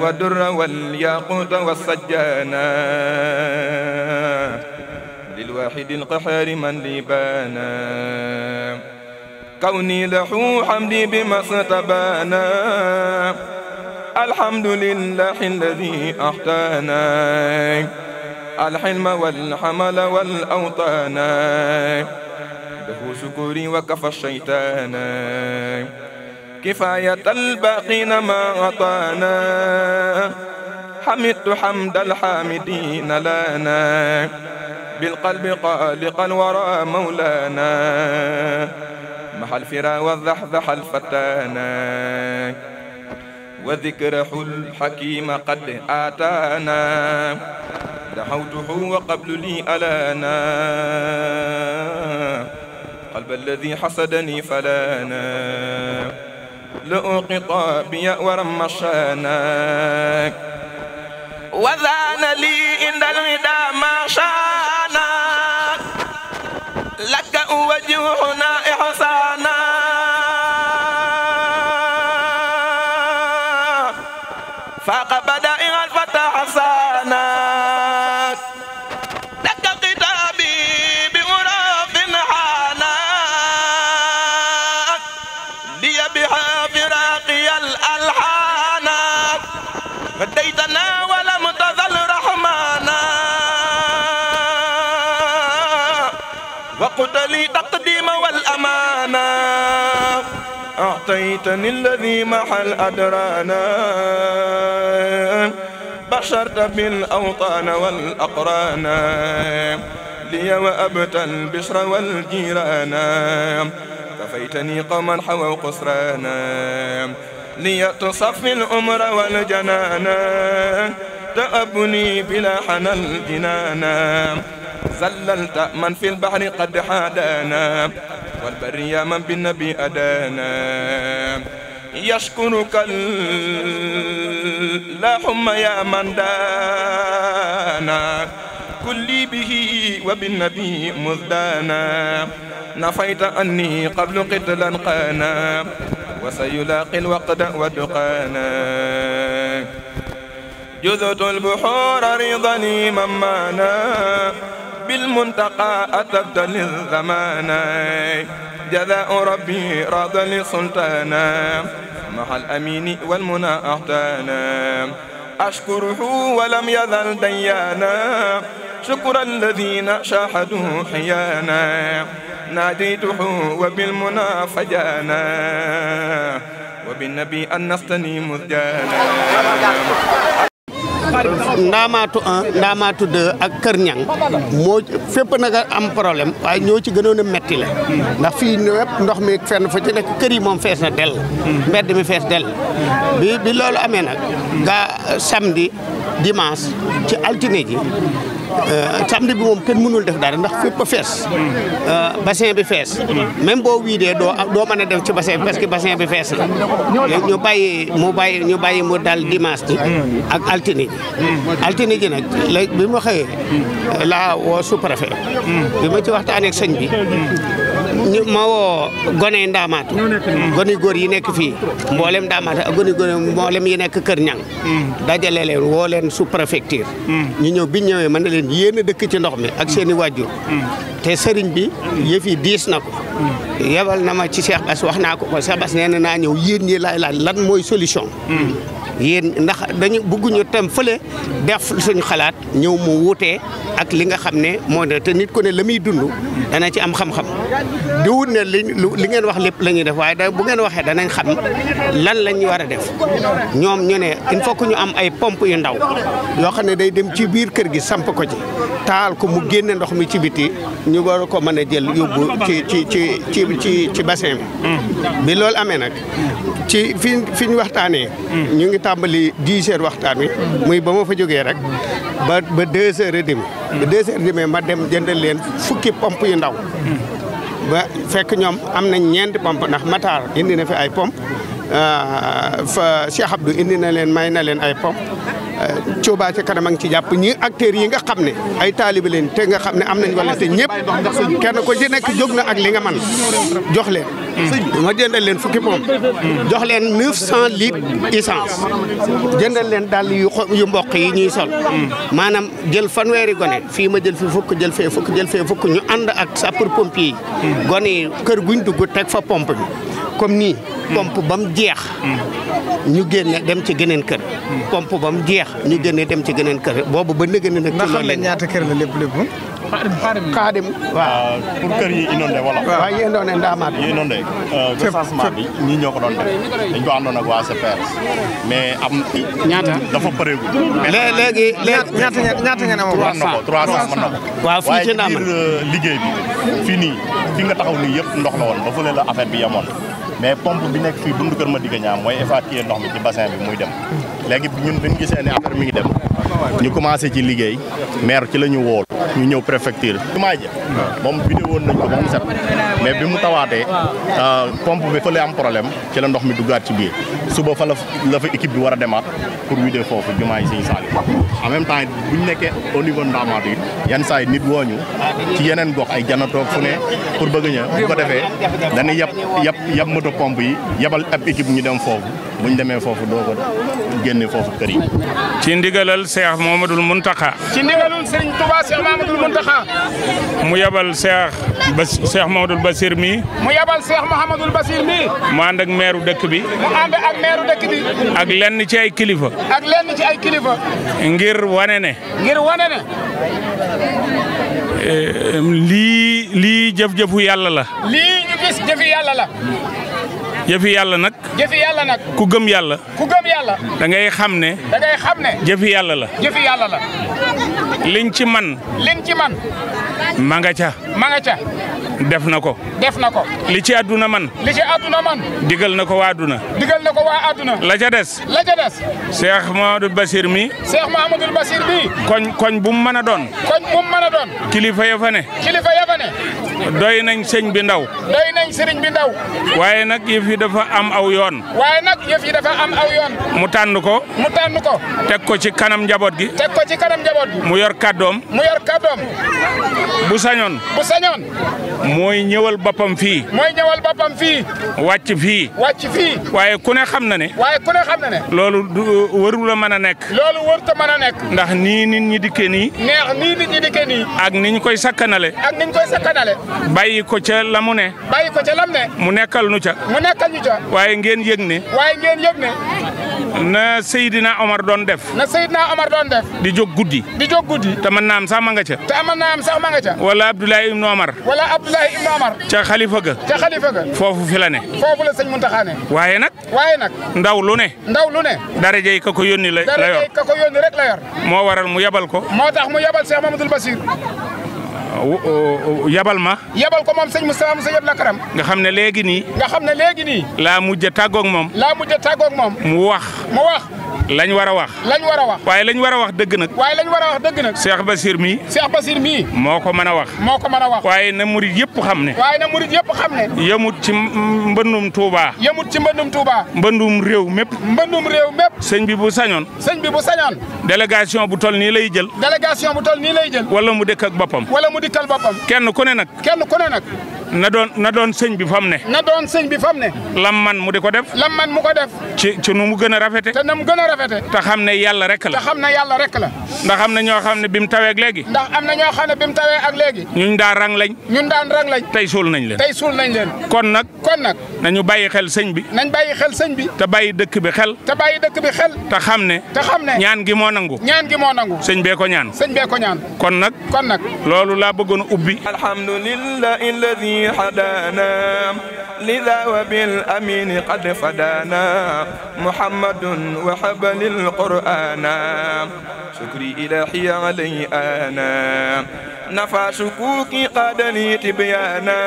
والدر والياقوت والسجانا للواحد القحار من لي بانا كوني لحو حمدي بما ستبانا الحمد لله الذي أحتانا الحلم والحمل والأوطانا له شكري وكفى الشيطانا كفاية الباقين ما أعطانا حمدت حمد الحامدين لنا بالقلب قالق الورى مولانا محى الفرا والذحذح الفتانا وذكره الحكيم قد آتانا دعوته وقبل لي ألانا قلب الذي حسدني فلانا لأوقط بي ورمشاناك وذان لي عند الوداع ما شانا لك وجهنا إحسان أعطيتني الذي محل أدرانا بشرت بالأوطان والأقران لي وأبتى البشر والجيران كفيتني قوما حووا قسرانا لي تصفي الأمر والجنانا تأبني بلا حنى الجنانا زللت من في البحر قد حادانا والبر يا من بالنبي أدانا يشكرك اللهم يا من دانا كل به وبالنبي مزدانا نفيت أني قبل قتلا قانا وسيلاقي الوقت ودقانا جذت البحور رضني من معنا بالمنتقى أتبت للزمانا جزاء ربي راض لسلطانا مع الأمين والمنى أحتانا أشكره ولم يزل ديانا شكر الذين شاهدوا حيانا ناديته وبالمنى فجانا وبالنبي أن نستني مذجانا ndamaatu 1 ndaamaatu 2 ak Kër Ñang moo fépp nag am problème waaye ñoo ci gënoon a metti la ndax fii ndox mi na fa ci nekk kër yi moom fees na dell mbedd mi fees del bi bi loolu amee nag ga samedi dimanche ci altine ji Euh, samedi bi moom kenn mënul def dara ndax fépp a fees euh, bassin bi fees même boo wiidee doo doo man a def ci bassin bi parce que bassin bi fees la ñu bàyyi mu bàyyi ñu bàyyi mu dal dimanche ji ak altine ji altine ji nag la bi ma xëyee laa woo sous-préfet bi ma ci waxtaan ak sëñ bi ñu ma woo gone ndaamaatu gone góor yi nekk fii mboolem ndaamaatu ak gone góor mboolem yi nekk Kër ñaŋ mm. dajale leen woo leen su préfecture mm. ñu ñëw bi ñëwee mën na leen yéen a dëkk ci ndox mi ak seen i wàjjur mm. te sëriñ bi yëf yi diis na ko yebal na ma ci Cheikh Bass wax naa ko ko Cheikh Bass nee na naa ñëw yéen ñi laay laaj lan mooy solution yéen ndax dañu bëgguñu tam fële def suñu xalaat ñëw mu wuutee ak li nga xam ne moo nit ku ne la muy dund dana ci am xam-xam di wut ne li li ngeen wax lépp la ñuy def waaye da bu ngeen waxee danañ xam lan la war a def ñoom ñu ne il faut ñu am ay pompe yu ndaw yoo xam ne day dem ci biir kër gi samp ko ci taal ko mu génne ndox mi ci biti ñu war a ko mën a jël yóbbu ci ci ci ci ci ci bassin bi bi loolu amee nag ci fi fi ñu waxtaanee ñu ngi tàmbali dix heures waxtaan wi muy ba ma fa jógee rek ba ba deux heures et demie ba deux heures et ma dem jëndal leen fukki pompe yu ndaw ba fekk ñoom am nañ ñeenti pompe ndax Matar indi na fi ay pompe euh, fa Cheikh Abdou indi na leen may na leen ay pompe Touba euh, ca kanam a ngi ci jàpp ñi acteurs yi nga xam ne ay taalibe leen te nga xam ne am nañ wala te ñëpp kenn ko ci nekk jóg na ak li nga man jox leen hmm. ma jëndal leen fukki pompe hmm. jox leen neuf cent litres essence jëndal leen dàll yu yu mboq yi ñuy sol hmm. maanaam jël fanweeri gone fii ma jël fi fukk jël fee fukk jël fee fukk ñu ànd ak sapeur pompier yi gone yi kër guñ dugg teg fa pomp bi comme nii pompe ba mu jeex ñu génne dem ci geneen kër pompe ba mu jeex ñu génne dem ci geneen kër boobu ba nëgë ne nag ci loolu ñaata kër la lépp lépp xaadim waaw ah, pour kër yi inondé wala waaw yi inondé ndaamaat yi inondé bi ñii ñoo ko doon def dañ ko àndoon ak waa mais am ñaata dafa pareegul léegi léegi ñaata ngeen amoon trois cent trois cent mën na fii ci euh, liggéey fii nii fi nga taxaw nii yëpp ndox la woon ba fële la affaire bi yemoon mais pompe bi nekk fii bundu ma Madické Niang mooy évacuer ndox mi ci bassin bi muy dem léegi ñun bi ñu gisee ne affaire mi ngi dem ñu commencé ci liggéey maire ci la ñu wool ñu ñëw préfecture jumaa ja moom bi woon nañ ko ba mu set mais bi mu tawaatee euh, pompe bi fa la am problème ci la ndox mi duggaat ci biir suba fa la la fa bi war a demaat pour wider foofu jumaa yi siñu saali en même temps buñ nekkee au niveau ndaamaatu yi yan saa yi nit wooñu ci yeneen gox ay janatoog fu ne pour bëgg ña bu ko defee dañuy yab yab yab moto pompe yi yabal ab équipe ñu dem foofu buñ demee foofu doo ko génne foofu kër yi Cheikh Mouhamadoul Mountakha. ci ndigalul Serigne Touba Cheikh Mouhamadoul Mountakha. mu yabal Cheikh ba Cheikh Mouhamadoul mu yabal Cheikh Mouhamadoul Bassir mii. mu ànd ak meeru dëkk bi. mu ànd ak meeru dëkk bi. ak lenn ci ay kilifa. ak lenn ci ay ngir wane ne. ngir wane ne. Eh, lii lii jëf-jëfu yàlla yàlla la. jëfi yàlla nag. jëfi yàlla nag. ku gëm yàlla. ku gëm xam ne. da jëfi yàlla la. jëfi liñ ci man. liñ ci man. ma nga ca. ma ca. def na ko. def na ko. li ci àdduna man. li ci àdduna man. digal na ko waa àdduna. digal na ko waa àdduna. la ca des. la ca des. Cheikh Mahamadou Bassir mi. mi. koñ koñ bu mu mën a doon. koñ bu mu mën doon. kilifa ya ne. kilifa ya ne. doy nañ sëñ bi ndaw. doy nañ sëriñ bi ndaw. waaye nag yëf dafa am aw yoon. waaye nag yëf yi am aw yoon. mu tànn ko. mu tànn ko. teg ko ci kanam njaboot gi. teg ko ci kanam njaboot gi. mu yor kàddoom. mu yor kàddoom. bu sañoon. mooy ñëwal boppam fii. mooy ñëwal boppam fii. wàcc fii. wàcc fi waaye ku ne xam na ne. waaye ku ne na ne. loolu du waru la mën a nekk. loolu nekk. ndax nii nit ñi dikke nii. neex nii ñi dikkee nii. ak ni ñu koy sakkanale. ak ni ñu koy sakkanale. bàyyi ko ca la ne. bàyyi ko ca la mu ne. mu nekkal nu ca. mu nekkal waaye ngeen yëg ne. waaye ngeen yëg ne. na Seydina Omar doon def. na Seydina Omar doon def. di jóg guddi. di jóg guddi. taman mën naa am sax ma nga ca. te mën naa am sax ma nga ca. wala Abdoulaye xalifa ga. ca xalifa foofu fi la ne. foofu la sëñ Mountakha waaye nag. waaye nag. ndaw lu ne. ndaw lu ne. daraja yi ka ko yónni la yor moo waral mu yabal ko. moo tax mu yabal Cheikh Mamadou Bassir. yabal ma. yabal ko moom sëñ Moustapha Moussa Diop Lakaram. nga xam ne léegi nii. nga xam ne léegi nii. laa mujj a moom. laa mujj a tàggoog moom. mu wax. mu wax. lañ war a wax lañ war wax waaye lañ war a wax dëgg nag waaye lañ war a wax dëgg nag Cheikh Basir mii Cheikh Basir mii moo ko mën a wax moo ko mën a wax waaye na murit yëpp xam ne waaye na murit yëpp xam ne yemut ci mbënnum Touba yamut ci mbëndum Touba mbëndum réew mépp mbëndum réew mépp sëñ bi bu sañoon sëñ bi bu sañoon délégation bu tol nii lay jël délégation bu tol nii lay jël wala mu dëkk ak boppam wala mu dëkkal boppam kenn ku ne nag kenn ku ne nag na doon na doon sëñ bi fa mu ne. lam man mu di ko def. lam man mu ko def. ci nu mu gën a rafete te na mu gën a rafete te xam ne yàlla rek la. te xam ne yàlla rek la. ndax am na ñoo xam ne bi mu tawee ak léegi. ndax am na ñoo xam ne bi mu tawee ak léegi. ñun daan rang lañ. ñun daan rang lañ. tey suul nañ leen. tey suul nañ leen. kon nag. kon nag nañu bàyyi xel sëñ bi. nañ bàyyi xel sëñ bi. te bàyyi dëkk bi xel. te bàyyi dëkk bi xel. te xam ne. te xam ne ñaan gi moo nangu. ñaan gi moo nangu. sëñ bee ko ñaan. sëñ bee به حدانا لذا وبالأمين قد فدانا محمد وحبل القرآن شكري إلهي علي أنا نفى شكوكي قاد لي تبيانا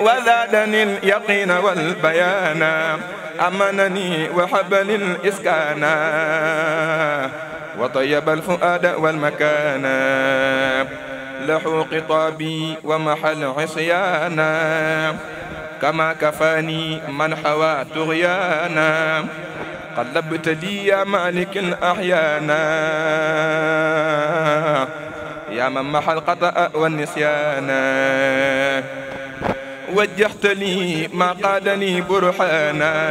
وزادني اليقين والبيانا أمنني وحبل الإسكانا وطيب الفؤاد والمكانا له خطابي ومحل عصيانا كما كفاني من حوى طغيانا قد لبت لي يا مالك الأحيانا يا من محى الخطأ والنسيان وجهت لي ما قادني برهانا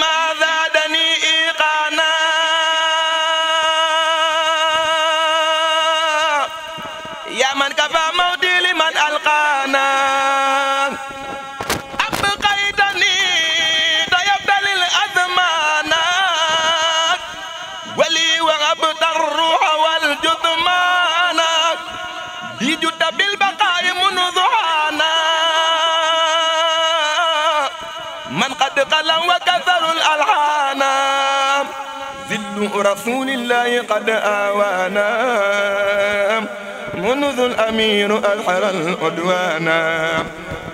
maada رسول الله قد آوانا منذ الأمير ألحر العدوانا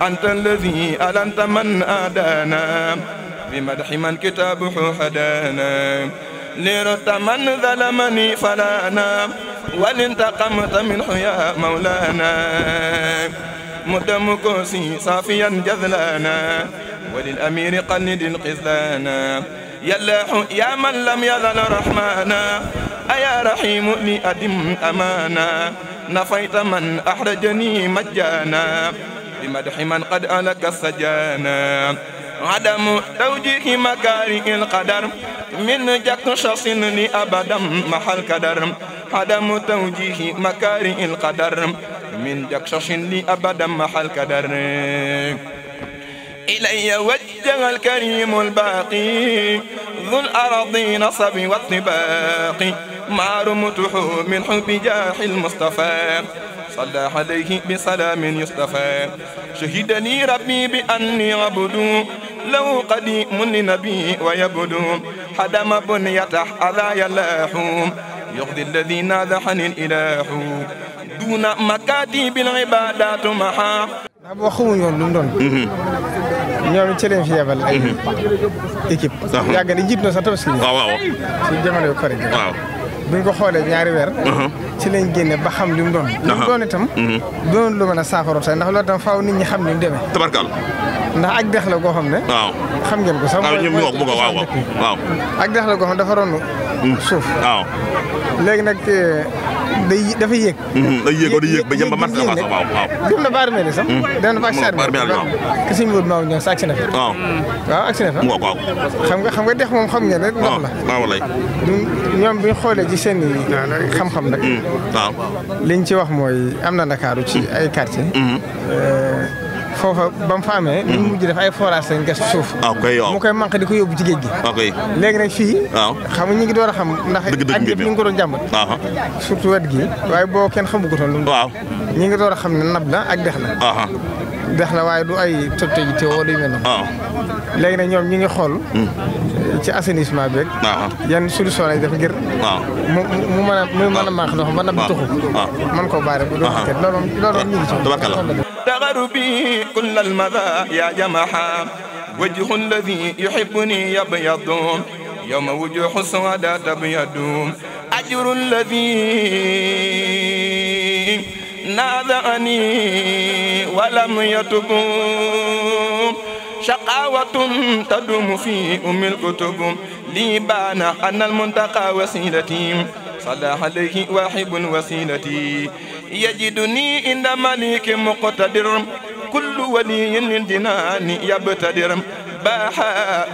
أنت الذي ألنت من آدانا بمدح من كتابه حدانا لرت من ظلمني فلانا ولانتقمت منه يا مولانا مدم كوسي صافيا جذلانا وللأمير قند القزلانا يا الله يا من لم يزل رحمانا أيا رحيم لي أدم أمانا نفيت من أحرجني مجانا بمدح من قد ألك سجانا عدم توجيه مكاره القدر من جك شخص لأبدا محل قدر عدم توجيه مكاره القدر من جك شخص لأبدا محل قدر إلي وجه الكريم الباقي ذو الأراضي نصب والطباق ما رمته من حب جاح المصطفى صلى عليه بسلام يصطفى شهد لي ربي بأني عبد له قديم لنبي ويبدو حدم بنيته ألا يلاح يغذي الذي نازحني الإله دون مكاتب العبادات محا waxuñu yoon lu mu doon ñoom ci lañ fi yebal ay mhm. équipe ah ah. yàgg na sa na sax tabaski bi waaw waaw ci jamono kori bu ñu ko xoolee ñaari weer uh-huh. ci lañ génne ba xam li mu doon uh-huh. li mu doon itam mhm. doon lu mën a saafara tey ndax loolu itam faw nit ñi xam ni mu demee tabarkaal ndax ak dex la goo xam ne waaw xam ngeen ko sax ñoom ñu wax mu ko waaw waaw ak dex la goo xam ne dafa ronu mm. suuf waaw léegi nag eh, day dafa yéeg. day yéegoo day yéeg ba jëm ba mars avance waaw waaw. gëm na baar mel ni sax. dana saar bi waaw. ki suñu maaw ñoom sa agsi na fa. waaw waaw agsi na fa. waaw waaw. xam nga xam nga dex moom xam ngeen ne ndox la. ñoom bi ñu xoolee ci seen xam-xam nag. waaw. liñ ci wax mooy am na Ndakaaru ci ay quartier foofa ba mu fa mu ñu hmm. mujj def ay forage lañ gas suuf. Ah, ok yow mu koy manqué di ko yóbbu ci géej gi. ok léegi nag fii. waaw ah. xam nga ñu ngi door a xam. ndax ak yëpp ñu ngi ko doon jàmbat. Ah. surtout wet gi waaye boo kenn xamu ko toon. waaw ñu ngi door a xam ne nab la ak dex la. dex la waaye du ay toj-toj te woo du mel noonu. waaw léegi nag ñoom ñu ngi xool. Hmm. ci assainissement beeg. yan solution lay def ngir. waaw mu mu mën a mu mën a manqué ndox ba nab bi tuxu. man koo baare bu doon kat loolu moom loolu moom ñu أدغر بي كل المذا يا جمحا وجه الذي يحبني يبيض يوم وجوه السواد تبيض أجر الذي نادعني ولم يتب شقاوة تدوم في أم الكتب لي بان أن المنتقى وسيلتي صلى عليه واحب وسيلتي يجدني عند مليك مقتدر كل ولي للجنان يبتدر باح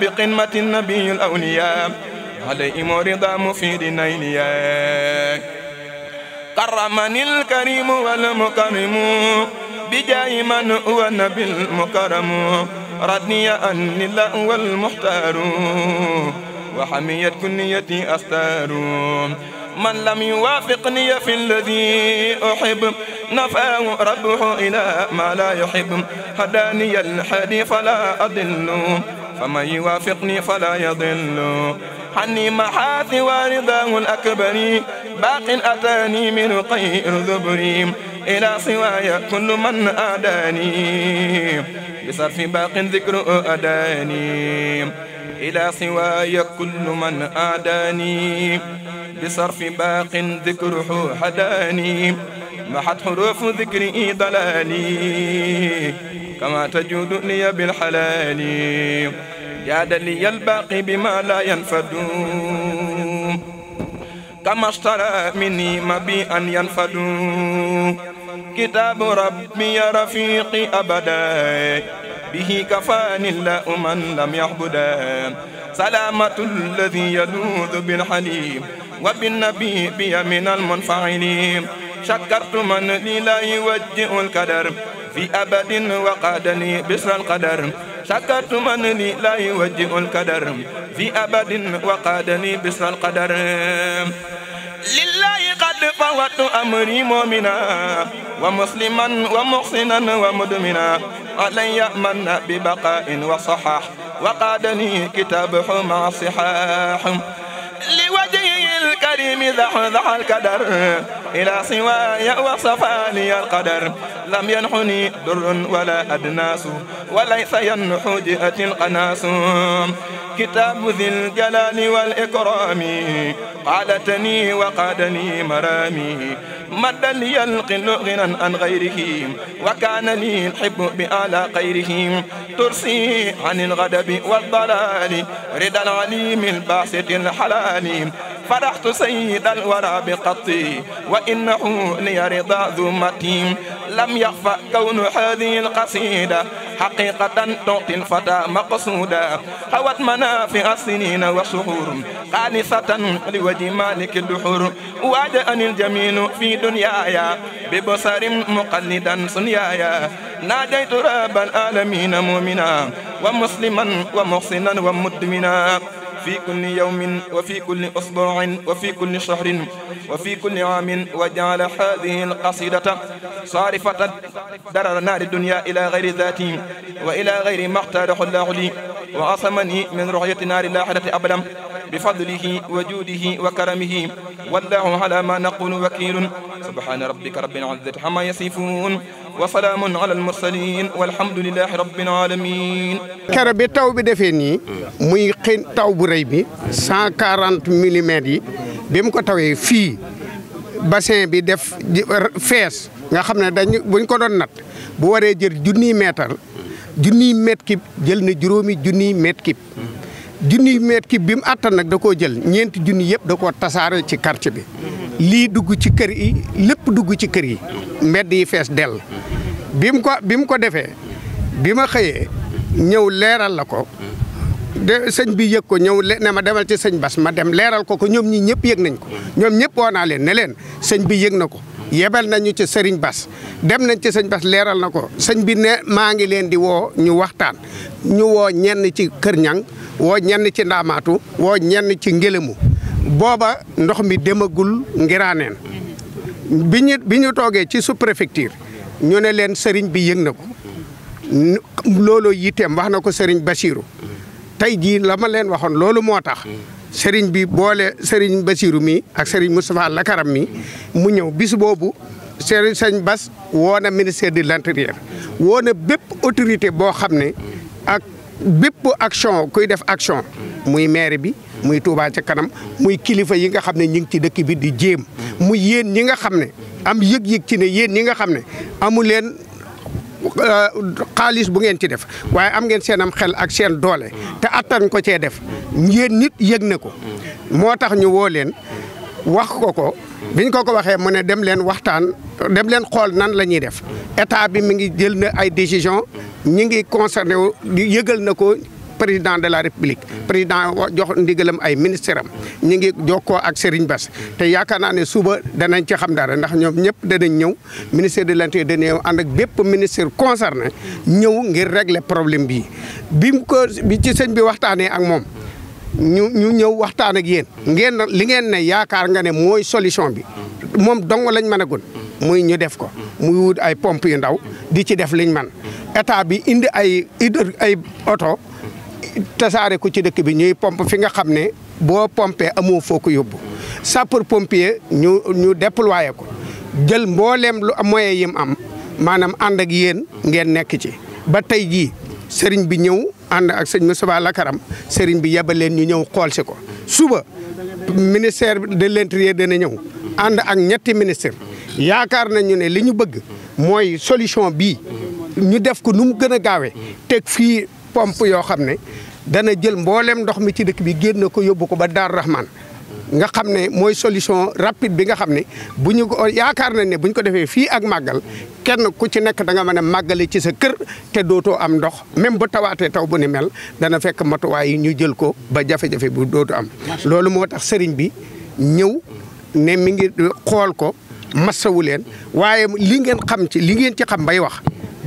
بقمة النبي الأولياء عليهم رضا مفيد نيليا كرمني الكريم والمكرم بجاه من هو نبي المكرم ردني أن الله والمحتار وحميت كنيتي أستار من لم يوافقني في الذي أحب نفاه ربه إلى ما لا يحب هداني الحدي فلا أضل فمن يوافقني فلا يضل عني محاثي ورضاه الأكبر باق أتاني من خير ذبري إلى سواي كل من أداني بصرف باق ذكر أداني إلى سواي كل من أعداني بصرف باق ذكره حداني محت حروف ذكري ضلالي كما تجود لي بالحلال جاد لي الباقي بما لا ينفد كما اشترى مني مبيئا ينفد كتاب ربي رفيقي أبدا به كفان الله من لم يعبدا سلامة الذي يدود بالحليم وبالنبي بي من المنفعلين شكرت من لي لا يوجئ الكدر في أبد وقاد لي بسر القدر شكرت من لي لا يوجئ الكدر في أبد وقاد لي بسر القدر lillahi qad fawattu amri mu'mina wa musliman wa muhsinan wa mudmina alayya man bi baqa'in wa sahah wa qadani kitabuhu ma sihah li wajhil الكريم ذحذح الكدر إلى سواي وصفاني القدر لم ينحني در ولا أدناس وليس ينح جئة القناس كتاب ذي الجلال والإكرام قالتني وقادني مرامي مدا لي القل غنى عن غيره وكان لي الحب بأعلى خيره ترسي عن الغضب والضلال رضا العليم الباسط الحلال فرحت سيد الورى بقطي وإنه لي رضا ذمتي لم يخفى كون هذه القصيدة حقيقة تعطي الفتى مقصودا هوت منافع السنين والشهور خالصة لوجه مالك الدحور وجاءني الجميل في دنياي ببصر مقلدا صنيايا ناجيت رب العالمين مؤمنا ومسلما ومحسنا ومدمنا في كل يوم وفي كل أسبوع وفي كل شهر وفي كل عام وجعل هذه القصيدة صارفة درر نار الدنيا إلى غير ذاتي وإلى غير ما اختاره الله لي وعصمني من رؤية نار الآخرة أبدا بفضله وجوده وكرمه والله على ما نقول وكيل سبحان ربك رب العزة عما يصفون wa salaamun ala al mursalin walhamdulilahi rabbil alamin kere bi taw bi defee nii muy xin taw bu rëy bi cent quarante millimètres yi bi mu ko tawee fii bassin bi def fees nga xam ne dañ buñ ko doon nat bu waree jël junniy mètre junniy mètre kib jël na juróomi junniy mètre kib junniy mètre bi mu àttan nag da koo jël ñeenti junni yëpp da ko tasaare ci quartier bi lii dugg ci kër yi lépp dugg ci kër yi mbedd yi fees dell bi mu ko bi ko defee bi ma xëyee ñëw leeral la ko de sëñ bi yëg ko ñëw ne ma demal ci sëñ Bas ma dem leeral ko ko ñoom ñi ñëpp yëg nañ ko ñoom ñëpp woo naa leen ne leen sëñ bi yëg na ko yebal nañu ci sëriñ Bas dem nañ ci sëñ Bas leeral na ko sëñ bi ne maa ngi leen di woo ñu waxtaan ñu woo ñenn ci Kër Ñang woo ñenn ci Ndaamaatu woo ñenn ci Ngélému booba ndox mi demagul ngiraaneen bi ñu bi ñu toogee ci sous-préfecture ñu ne leen sëriñ bi yëg na ko looloo yitteem wax na ko sëriñ Bachirou tey jii la ma leen waxoon loolu moo tax sëriñ bi boole sëriñ Bachirou mi ak sëriñ Moustapha Lakaram mi mu ñëw bis boobu sëriñ sëñ Bas woo na ministère de l'intérieur woo na bépp autorité boo xam ne ak bépp action kuy def action muy maire bi muy Touba ca kanam muy kilifa yi nga xam ne ñu ngi ci dëkk bi di jéem mu yéen ñi nga xam ne am yëg-yëg ci ne yéen ñi nga xam ne amu leen euh, xaalis bu ngeen ci def waaye am ngeen seen am xel ak seen doole te attan ko cee def yéen nit yëg ne ko moo tax ñu woo leen wax ko ko biñ ko ko waxee mu ne dem leen waxtaan dem leen xool nan la ñuy def état bi mi ngi jël na ay décision ñi ngi concerné wu yëgal na ko président de la république président jox ndigalam ay ministère am ñu ngi jokkoo ak Serigne Bass te yaakaar naa ne suba danañ ci xam dara ndax ñoom ñëpp danañ ñëw ministère de l'intérieur dana ñëw ànd ak bépp ministère concerné ñëw ngir régler problème bii bi ko bi ci sëñ bi waxtaanee ak moom ñu ñu ñëw waxtaan ak yéen ngeen li ngeen ne yaakaar nga ne mooy solution bi moom dong lañ mën a gun muy ñu def ko muy wut ay pompe yu ndaw di ci def liñ man état bi indi ay ay oto tasaare ko ci dëkk bi ñuy pompe fi nga xam ne boo pompee amoo foo ko yóbbu sapeur pompier ñu ñu déployé ko jël mbooleem lu moyen yim am maanaam ànd ak yéen ngeen nekk ci ba tey jii sëriñ bi ñëw ànd ak sëñ Moustapha Lakaram sëriñ bi yebal leen ñu ñëw xool ko suba ministère de l'intérieur dana ñëw ànd ak ñetti ministre yaakaar nañu ne li ñu bëgg mooy solution bi ñu def ko nu mu gën a gaawee teg fii pompe yoo xam ne dana jël mbooleem ndox mi ci dëkk bi génn ko yóbbu ko ba Daaru Rahman nga xam ne mooy solution rapide bi nga xam ne bu ñu ko yaakaar nañ ne bu ñu ko defee fii ak màggal kenn ku ci nekk da nga mën a màggale ci sa kër te dootoo am ndox même bu tawaatee taw bu ne mel dana fekk matuwaay yi ñu jël ko ba jafe-jafe bu dootu am. loolu moo tax sëriñ bi ñëw ne mi ngi xool ko massawu leen waaye li ngeen xam ci li ngeen ci xam bay wax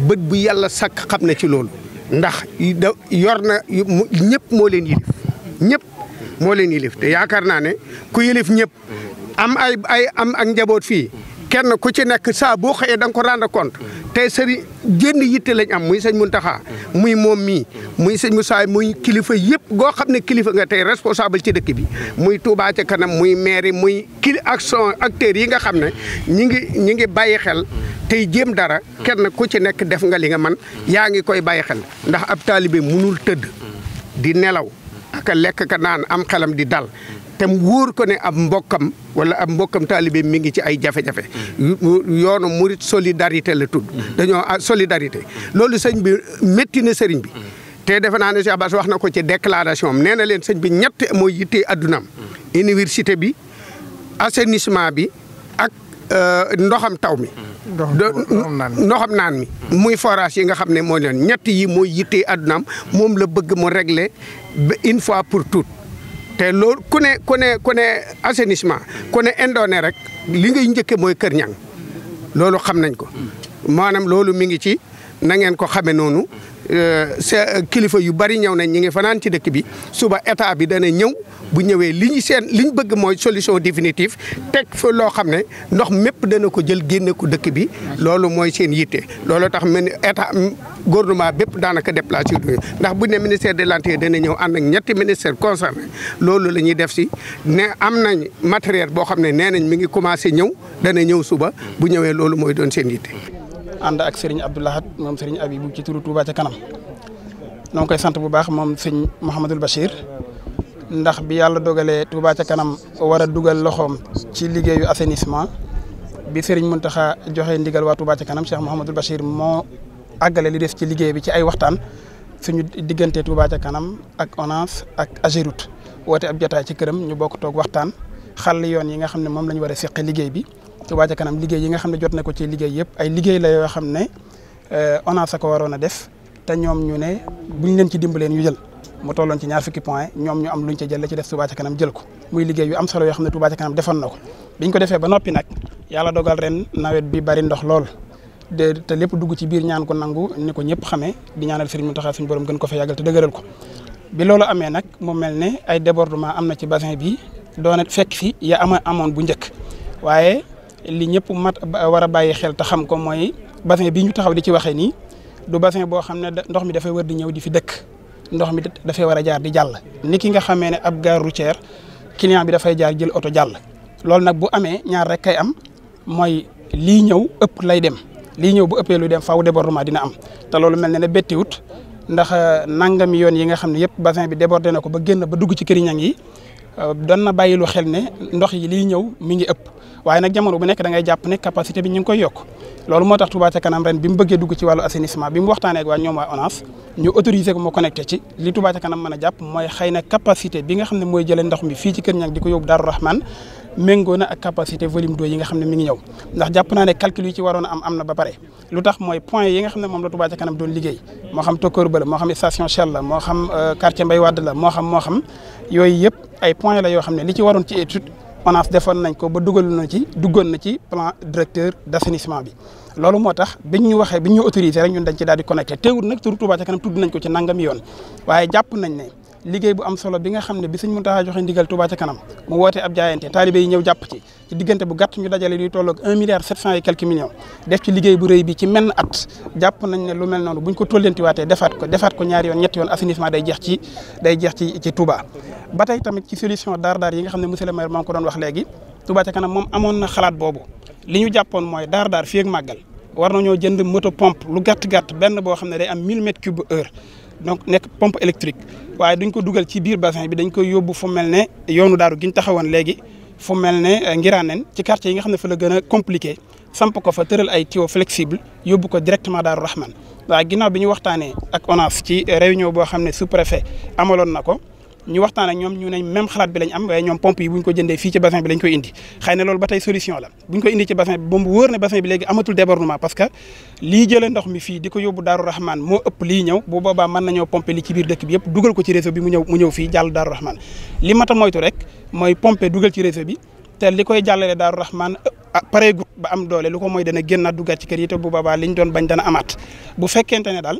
bët bu yàlla sakk xam na ci loolu. ndax yor na ñëpp moo leen yilif ñëpp moo leen yilif te yaakaar naa ne ku yilif ñëpp am ay ay am ak njaboot fii kenn ku ci nekk saa boo xëyee da nga ko rendre compte te sëriñ jënd yitte lañ am muy sëñ taxa muy moom mii muy sëñ Moussa muy kilifa yëpp goo xam ne kilifa nga tey responsable ci dëkk bi muy Touba ca kanam muy maire muy kili akson acteurs yi nga xam ne ñi ngi ñi ngi bàyyi xel tey jéem dara kenn ku ci nekk def nga li nga man yaa ngi koy bàyyi xel ndax ab taalibe munul tëdd di nelaw aka lekk ka naan am xelam di dal te mu wóor ko ne ab mbokkam wala ab mbokkam taalibe mi ngi ci ay jafe-jafe yoonu murit solidarité la tudd dañoo ah, solidarité loolu sëñ bi métti na sëriñ bi te defe naa ne Cheikh Bass wax na ko ci déclaration am nee na leen sëñ bi ñett mooy yitte addunaam université bi assainissement bi ak euh, ndoxam taw mi noxom naan mi muy forage yi nga xam ne mooy leen ñetti yi mooy yittee addunaam moom la bëgg mu régler une fois pour toutes te loolu ku ne ku ne kone ne assainissement ku rek li ngay njëkke mooy Kër Ñang loolu xam nañ ko maanaam loolu mi ngi ci na ngeen ko xame noonu Euh, kilifa yu bari ñëw nañ ñu ngi fanaan ci dëkk bi suba état bi dana ñëw bu ñëwee li ñu seen li ñu bëgg mooy solution définitive teg fa loo xam ne ndox mépp dana ko jël génne ko dëkk bi loolu mooy seen yitte loolu tax mel ni état gouvernement bépp daanaka déplacé wu ndax bu ne ministère de l'intérieur dana ñëw ànd ak ñetti ministère concerné loolu la ñuy def si ne am nañ matériel boo xam ne nee nañ mi ngi commencé ñëw dana ñëw suba bu ñëwee loolu mooy doon seen yitte ànd ak Serigne Abdou moom moom Serigne Abibou ci turu Touba ca kanam noo ngi koy sant bu baax moom sëñ Mouhamadul Bachir ndax bi yàlla dogalee Touba ca kanam war a dugal loxoom ci liggéeyu assainissement bi Serigne Mountakha joxe ndigal waa Touba kanam Cheikh Mouhamadul Bachir moo àggale li des ci liggéey bi ci ay waxtaan suñu diggante Touba ca kanam ak ONAS ak Ageroute woote ab ci këram ñu bokk toog waxtaan xàll yoon yi nga xam ne moom la ñu war a seqe liggéey bi. Touba ca kanam liggéey yi nga xam ne jot na ko ci liggéey yëpp ay liggéey la yoo xam ne euh, ONAS a ko waroon a def te ñoom ñu ne buñ leen ci dimbalee ñu jël mu tolloon ci ñaar fukki point ñoom ñu am luñ ca jël le ci def Touba ca kanam jël ko muy liggéey yu am solo yoo xam ne Touba ca kanam defoon ko biñ ko defee ba noppi nag yàlla dogal ren nawet bi bari ndox lool de te lépp dugg ci biir ñaan ko nangu ni ko ñëpp xamee di ñaanal Serigne Mountakha suñu borom gën ko fa yàggal te dëgëral ko bi loolu amee nag mu mel ne ay débordement am na ci bassin bi doone fekk fi ya ama amoon bu njëkk waaye lii ñëpp mat war a bàyyi xel te xam ko mooy bassin bi ñu taxaw di ci waxee nii du bassin boo xam ne da ndox mi dafay war di ñëw di fi dëkk ndox mi dafay war a jaar di jàll. ni ki nga xamee ne ab gare routière bi dafay jaar jël oto jàll loolu nag bu amee ñaar rek kay am mooy lii ñëw ëpp lay dem lii ñëw bu ëppee lu dem faw débordement dina am te loolu mel na ne bettiwut ndax euh, nangami yoon yi nga xam ne yëpp bassin bi débordé na ko ba génn ba dugg ci këriñam yi euh, doon na bàyyi lu xel ne ndox yi lii ñëw mi ngi ëpp. waaye nag jamono bu nekk da ngay jàpp ne capacité bi ñu ngi koy yokk loolu moo tax Touba ca kanam ren bi mu bëggee dugg ci wàllu assainissement bi mu waxtaanee waa ñoom waa ONAS ñu autorisé ko mu connecté ci li Touba ca kanam a jàpp mooy xëy na capacité bi nga xam ne mooy jëlee ndox mi fii ci Kër Ñaŋ di ko yóbbu Daaru Rahman méngoo na ak capacité volume d'eau yi nga xam ne mi ngi ñëw ndax jàpp naa ne calcul yi ci waroon a am am na ba pare lu tax mooy point ne moom la Touba ca kanam liggéey moo xam tokkoor ba la moo xam station Shell la xam euh, quartier Mbay Wadd la yoo xam ne li ci waroon ci étude ONAS defoon nañ ko ba dugal na ci duggoon na ci plan directeur d' assainissement bi loolu moo tax biñ ñu waxee biñ ñu autorisé rek ñun dañ ci daal di connecté teewul nag turu Touba ca kanam tudd nañ ko ci nangam yoon waaye jàpp nañ ne liggéey bu am solo bi nga xam ne bi Sëñ Muntaxa joxe ndigal tubaa ca kanam mu woote ab jaayante taalibe yi ñëw jàpp ci ci diggante bu gàtt ñu dajale luy tolloog un milliard sept cent et quelques millions def ci liggéey bu rëy bi ci menn at jàpp nañ ne lu mel noonu buñ ko tollantiwaatee defaat ko defaat ko ñaari yoon ñetti yoon assainissement day jeex ci day jeex ci ci Touba tamit ci solution daar daar yi nga xam ne monsieur le ko doon wax léegi Touba ca kanam moom amoon na xalaat boobu li ñu jàppoon mooy daar daar fii ak màggal war nañoo jënd moto pompe lu gàtt gàtt benn boo xam ne day am 1000 mètres cube donc nekk pompe électrique waaye duñ ko dugal ci biir bassin bi dañ koy yóbbu fo mel ne yoonu daaru gi ñu taxawoon léegi fu mel ne euh, Ngiraaneen ci quartier yi nga xam ne fa la gën a compliqué samp ko fa tëral ay tuyau flexible yóbbu ko directement daaru Rahman waa ginnaaw bi ñu waxtaanee ak ONAS ci euh, réunion boo xam ne sous-préfet amaloon na ko. ñu waxtaan ak ñoom ñu ne même xalaat bi lañ am waaye ñoom pompe yi ko jëndee fii ci bassin bi lañ koy indi xëy na loolu ba tey solution la bu ñu koy indi ci bassin bi bombu wóor ne bassin bi léegi amatul débordement parce que lii jëlee ndox mi fii di ko yóbbu Daaru Rahman moo ëpp lii ñëw bu boobaa mën nañoo pomper li ci biir dëkk bi yëpp dugal ko ci réseau bi mu ñëw fii jàll Daaru Rahman li mat a moytu rek mooy pomper dugal ci réseau bi te li koy jàllale Daaru Rahman ah, pareegut ba am doole lu ko mooy dana génnaat duggaat ci kër yi bu boobaa liñ doon bañ dana amaat bu fekkente daal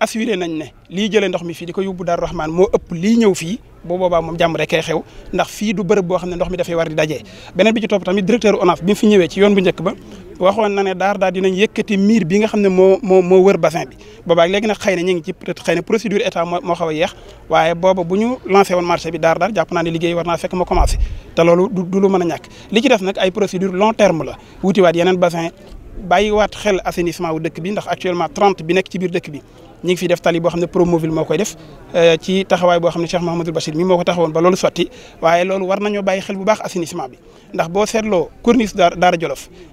assuré nañ ne lii jëlee ndox mi fii di ko yóbbu Daaru Rahman moo ëpp li ñëw fii boo boobaa moom jàmm rekk ay xew ndax fii du bërëb boo xam ne dox mi dafay war di dajee bi ci topp tamit directeur ONAS bi fi ñëwee ci yoon bu njëkk ba waxoon na ne daar daal dinañ yëkkati miir bi nga xam ne moo moo moo wër basin bi boobaa léegi nag xëy na ñu ngi ci peut-être xëy na procédure état moo xaw a yeex waaye booba bu ñu lancé woon marché bi daar daar jàpp naa ne liggéey war naa fekk ma commencé te loolu du lu mën a ñàkk li ci def nag ay procédure long terme la wutiwaat yeneen bassin bàyyiwaat xel assainissement wu dëkk bi ndax actuellement 30 bi nekk ci biir dëkk bi ñu ngi fi def tali xam ne Promoville moo koy def euh, ci taxawaay boo xam ne Cheikh Mahamadul Bachir mi moo ko taxawoon ba loolu sotti waaye loolu war nañoo bàyyi xel bu baax assainissement bi ndax boo seetloo corniche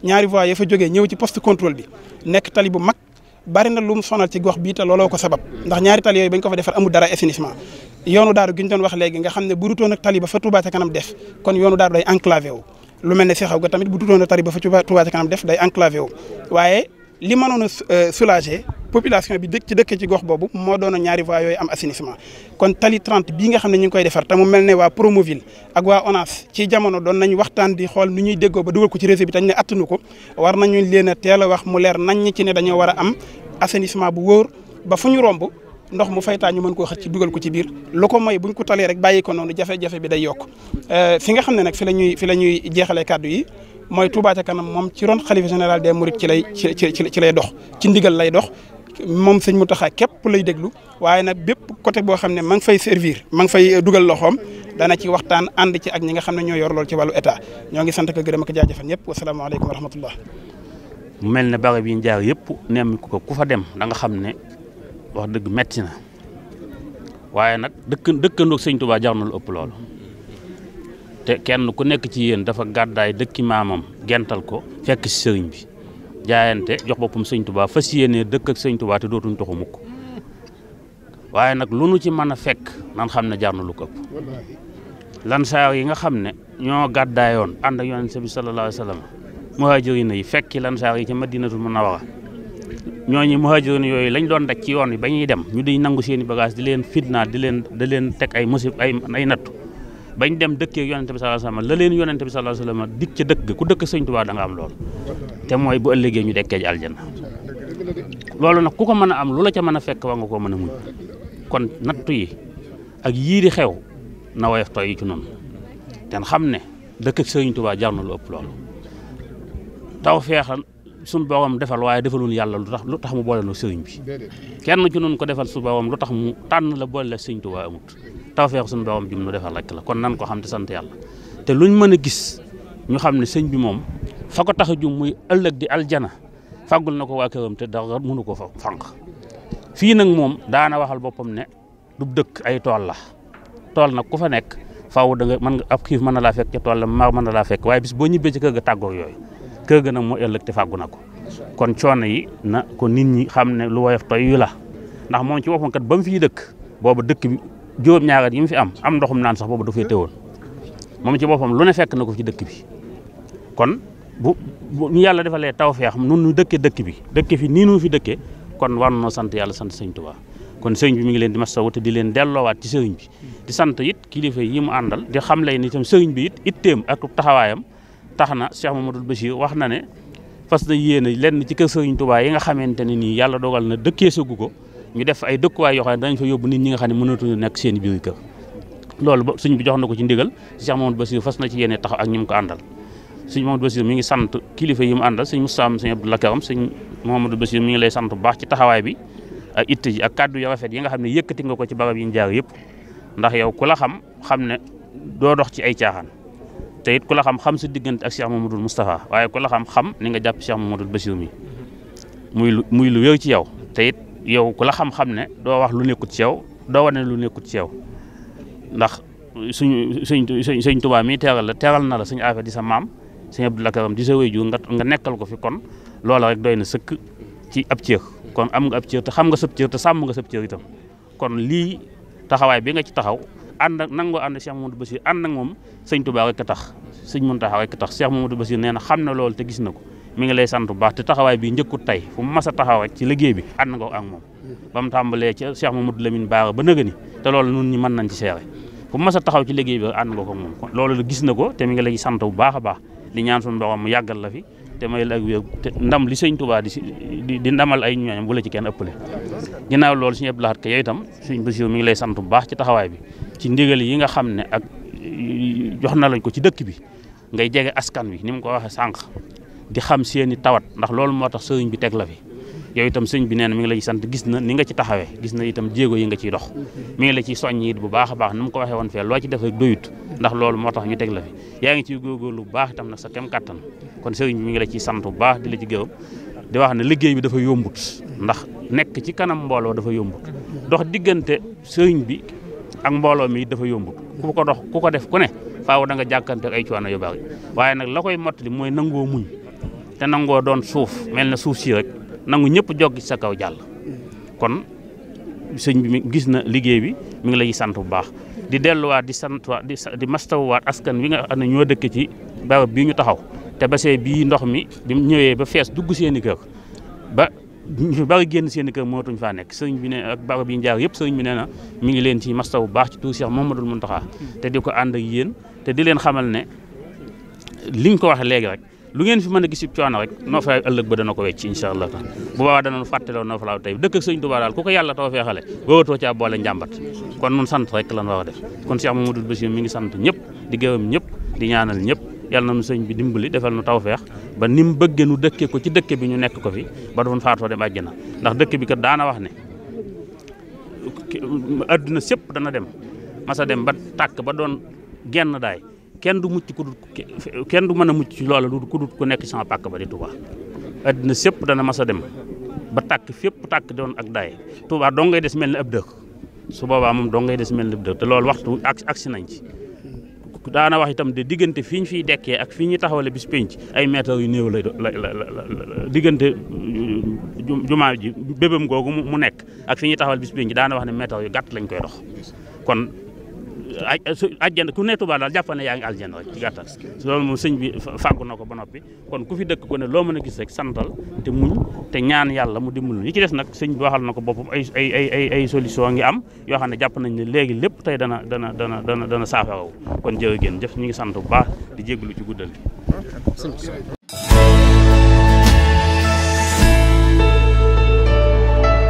ñaari voies ya fa jógee ñëw ci poste contrôle bi nekk tali bu mag bari na lu sonal ci bii te looloo ko sabab ndax ñaari tali yooyu bañ ko fa defar amul dara assainissement yoonu daaru gi ñu doon wax léegi nga xam ne bu rutoon ak tali ba fa Touba ca kanam def kon yoonu daaru day enclavé wu lu mel ne Seexaw ga tamit bu du a tari ba fa Touba ca kanam def day enclavé wu waaye li mënoon a euh, soulager population bi dëkk ci dëkk ci gox boobu moo doon ñaari voies yooyu am assainissement kon tali 30 bii nga xam ne ñu ngi koy defar te mel ne waa Promoville ak waa ONAS ci jamono doon nañ waxtaan di xool nu ñuy déggoo ba dugal ko ci réseau bi tañ ne attanu ko war nañu leen a teel a wax mu leer nañ ñi ci ne dañoo war a am assainissement bu wóor ba fu ñu romb ndox mu fay taa ñu mën koo xëcc dugal ko ci biir lu ko mooy buñ ko talee rek bàyyi ko noonu jafe-jafe bi day yokk euh, fi nga xam ne nag fi la ñuy fi la ñuy jeexalee kàddu yi mooy Touba ca kanam moom ci ron xalifa général des Mourides ci lay ci ci lay dox ci ndigal lay dox moom sëñ Mountakha képp lay déglu waaye nag bépp côté boo xam ne ma ngi fay servir ma ngi fay dugal loxoom dana ci waxtaan ànd ci ak ñi nga xam ne ñoo yor lool ci wàllu état ñoo ngi sant ko gërëm ak jaajëfal ñëpp wasalaamaaleykum wa rahmatullah mel ne barab yi ñu jaar yëpp nemmiku ko ku fa dem da nga xam ne wax dëgg metti na waaye nag dëkk dëkkandoog sëñ Touba jar na lu ëpp loolu te kenn ku nekk ci yéen dafa gàddaay dëkki maamam gental ko fekk si sëriñ bi jaayante jox boppam sëñ Touba fa yéenee dëkk ak sëñ Touba te dootuñ toxu mukk waaye nag lu nu ci mën a fekk nan xam ne jar na lu ko ëpp lan yi nga xam ne ñoo gàddaayoon ànd ak yonent bi sallallahu alayhi wa sallam muhaajiriin yi fekki lan saa yi ca Madinatul Munawwara ñooñu muhaajiroon yooyu lañ doon daj ci yoon yi ba ñuy dem ñu di nangu seen i bagage di leen fitna di leen di leen teg ay musib ay ay nattu bañ dem dëkkee ak yonente bi sallallahu alayhi la leen yonente bi sallallahu alayhi wasallam dik ca dëkk ku dëkk sëñ Tuubaa da nga am loolu te mooy bu ëllëgee ñu dekkee ji aljanna loolu nag ku ko mën a am lu la ca mën a fekk wa nga ko mën a muñ kon nattu yi ak yii di xew na woyof toy yi ci noonu te xam ne dëkk ak sëñ Tuubaa jar lu ëpp loolu taw feexan suñu boobam defal waaye defalul yàlla lu tax lu tax mu boole la sëriñ bi kenn ci nun ko defal suñu boobam lu tax mu tànn la boole la sëriñ Tuubaa amut tawfeex suñu boobam jum nu defal rek la kon nan ko xam te sant yàlla te luñ mën a gis ñu xam ne sëñ bi moom fa tax a jum muy ëllëg di aljana fàggul na ko waa këram te dara mënu ko fa fànq fii nag moom daana waxal boppam ne du dëkk ay tool la tool nag ku fa nekk faaw da nga mën nga ab xiif mën na laa fekk ca tool la mar mën na laa fekk waaye bis boo ñibbee ci kër ga tàggoog yooyu kër gën a moo ëllëg te fàggu na ko kon coono yi na ko nit ñi xam ne lu woyof toy yu la ndax moom ci boppam kat ba mu fiy dëkk boobu dëkk bi juróom-ñaar yi mu fi am am ndoxum naan sax boobu dafay teewoon moom ci boppam lu ne na ko ci dëkk bi kon bu ñu yàlla defalee tawfeex nun ñu dëkkee dëkk bi dëkk fi nii nu fi dëkkee kon war noo sant yàlla sant sëñ Tuubaa kon sëriñ bi mi ngi leen di masawu te di leen delloowaat ci sëriñ bi di sant it kilifa yi mu àndal di xam lay ni itam sëriñ bi it itteem ak taxawaayam tax na Cheikh Mamadou Bachir wax na ne fas na yéene lenn ci kër Serigne Touba yi nga xamante ne nii yàlla dogal na dëkkee sagu ko ñu def ay dëkkuwaay yoo xam ne dañ fa yóbbu nit ñi nga xam ne mënatuñu nekk seen biir kër loolu ba sëñ bi jox na ko ci ndigal Cheikh Mamadou Bachir fas na ci yéene taxaw ak ñi mu ko àndal sëñ Mamadou Bachir mi ngi sant kilifa yi mu àndal sëñ Moustapha sëñ Abdou Lakaram sëñ Mamadou Bachir mi ngi lay sant bu baax ci taxawaay bi ak itte ji ak kàddu yu rafet yi nga xam ne yëkkati nga ko ci barab yi ñu jaar yëpp ndax yow ku la xam xam ne doo dox ci ay caaxaan te it ku la xam xam sa diggante ak Cheikh Mamadou Moustapha waaye ku la xam xam ni nga jàpp Cheikh Mamadou Bassirou mi muy lu muy lu wéew ci yaw te it yow ku la xam-xam ne doo wax lu nekkut ci yow doo wane lu nekkut ci yow ndax suñu suñ suñ suñ Tuubaa mi teeral la teeral na la suñu affaire di sa maam sëñ Abdoulaye Karam di sa wéju nga nga nekkal ko fi kon loola rek doy na sëkk ci ab cër kon am nga ab cër te xam nga sab cër te sàmm nga sab cër itam kon lii taxawaay bi nga ci taxaw ànd ak nangoo ànd Cheikh Mamadou Bassir ànd ak moom sëñ Touba rek tax sëñ Mountakha rek tax Cheikh Mamadou Bassir nee na xam na loolu te na ko mi ngi lay sant bu baax te taxawaay bi njëkkut tey fu mu a taxaw rek ci liggéey bi ànd nga ak moom ba mu tàmbalee ca Cheikh Mamadou Lamine Bara ba nëgëni te loolu nun ñi mën nañ ci seere fu a taxaw ci liggéey bi ànd nga ko moom loolu gis na ko te mi ngi lay sant bu baax a baax di ñaan suñu borom mu yàggal la fi te may la ak wér ndam li sëñ Touba di di ndamal ay ñooñam bu la ci kenn ëppale ginnaaw loolu suñu Abdou Lahad Ka yooyu itam sëñ Bassirou mi ngi lay sant bu baax ci taxawaay bi ci ndigal yi nga xam ne ak jox na lañ ko ci dëkk bi ngay jege askan wi ni mu ko waxee sànq di xam seen i tawat ndax loolu moo tax sëriñ bi teg la fi yow itam sëñ bi nee na ngi lay sant gis na ni nga ci taxawee gis na itam jéego yi nga ciy dox mi la ciy soññ it bu baax baax ni mu ko waxee woon fee loo ci def rek doyut ndax loolu moo tax ñu tegla fi yaa ngi ciy góorgóorlu lu baax tam nag sa kem kattan kon sëriñ bi mi ngi la ciy sant bu baax di la ci gërëm di wax ne liggéey bi dafa yombut ndax nekk ci kanam mbooloo dafa yombut dox diggante sëriñ bi ak mbooloo mi dafa yombut ku ko dox ku ko def ku ne faaw da nga jàkkante ay coono yu bari waaye nag la koy mottali mooy nangoo muñ te nangoo doon suuf mel na suuf si rek nangu ñëpp joggi sa kaw jàll kon sëñ bi mi gis na liggéey bi mu ngi lay sant bu baax di delluwaat di sant di mastawuwaat askan wi nga xam ne ñoo dëkk ci barab bii ñu taxaw te basee bii ndox mi bi ñëwee ba fees dugg seeni kër ñu bari génn seen i kër mootuñ faa nekk sëriñ bi ne ak barab yi njaar yëpp sëriñ bi nee na mi ngi leen ci mastaw bu baax ci tuur Cheikh Mouhamadoul Mountakha te di ko ànd ak yéen te di leen xamal ne liñ ko waxee léegi rek lu ngeen fi mën a gis ci coono rek noo fa ëllëg ba dana ko wecc insha allah taala bu boobaa danañ fàtteloo noo falaaw tey dëkk ak sëñ Tuubaa daal ku ko yàlla too feexale wowatoo a boole njàmbat kon nun sant rek lan war a def kon Cheikh Mouhamadoul Bachir mi ngi sant ñëpp di ñëpp di ñaanal ñëpp yàlla na nu sëñ bi dimbali defal nu tawfeex ba ni mu bëggee nu dëkkee ko ci dëkk bi ñu nekk ko fi ba doon faatoo dem àjjana ndax dëkk bi kat daana wax ne adduna sépp dana dem masa dem ba tàkk ba doon genn daay kenn du mucc ku kenn du mën a mucc ci loola lu ku ku nekk sama pàkk ba di Touba adduna sépp dana masa dem ba tàkk fépp tàkk doon ak daay Touba doo ngay des mel ni ab dëkk su boobaa moom doo ngay des mel ni ab dëkk te loolu waxtu ak agsi nañ ci daana wax itam de diggante fi ñu fiy dekkee ak fi ñu taxawale bis pénc ay mètres yu néew la la la diggante euh, jumaa ji bébam googu mu nekk ak fi ñuy taxawal bis pénc daana wax ne mètres yu gàtt lañ koy dox kon ajjana ku ne Tuubaa daal jàpp ne yaa ngi aljana rek ci gàttal loolu moom sëñ bi fàggu na ko ba noppi kon ku fi dëkk ko ne loo mën a gis rek santal te muñ te ñaan yàlla mu dimbal yi ci des nag sëñ bi waxal na ko boppam ay ay ay ay solution ngi am yoo xam ne jàpp nañ ne léegi lépp tey dana dana dana dana dana saafaraw kon a ngeen jëf ñu ngi sant bu baax di jégalu ci guddal gi